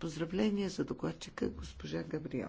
Поздравления за докладчика госпожа Габриел.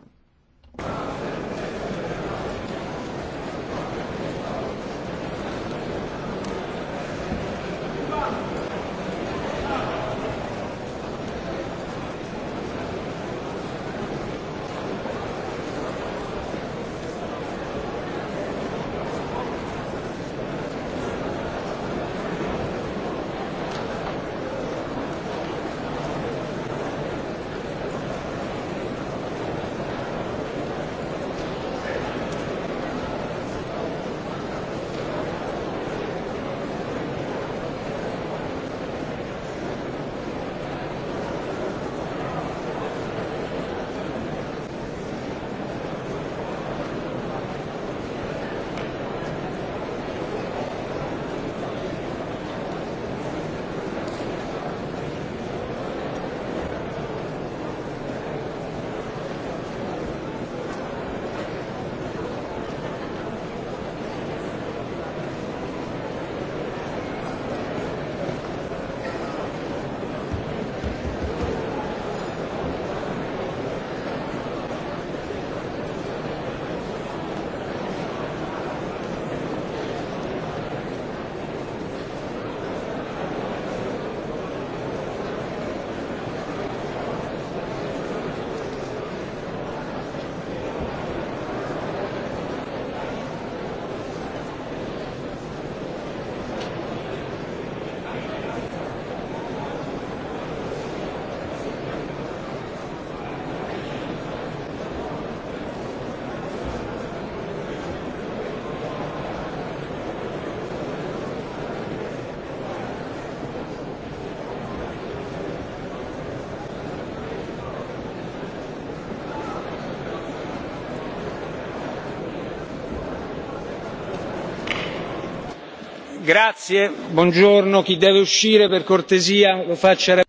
Grazie, buongiorno, chi deve uscire per cortesia lo faccia. Е,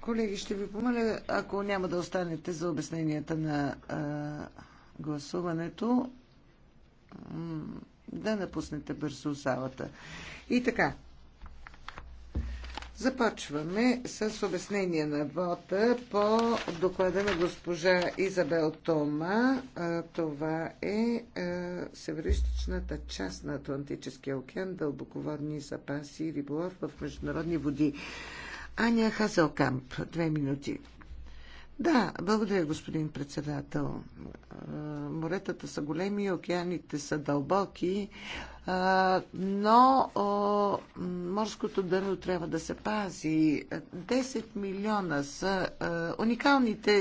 колеги, ще ви помоля, ако няма да останете за обясненията на а, е, гласуването, да напуснете бързо залата. И така, Започваме с обяснение на вота по доклада на госпожа Изабел Тома. Това е северистичната част на Атлантическия океан, дълбоководни запаси и риболов в международни води. Аня Хазелкамп, две минути. Да, благодаря, господин председател. Моретата са големи, океаните са дълбоки но морското дърво трябва да се пази. 10 милиона са уникалните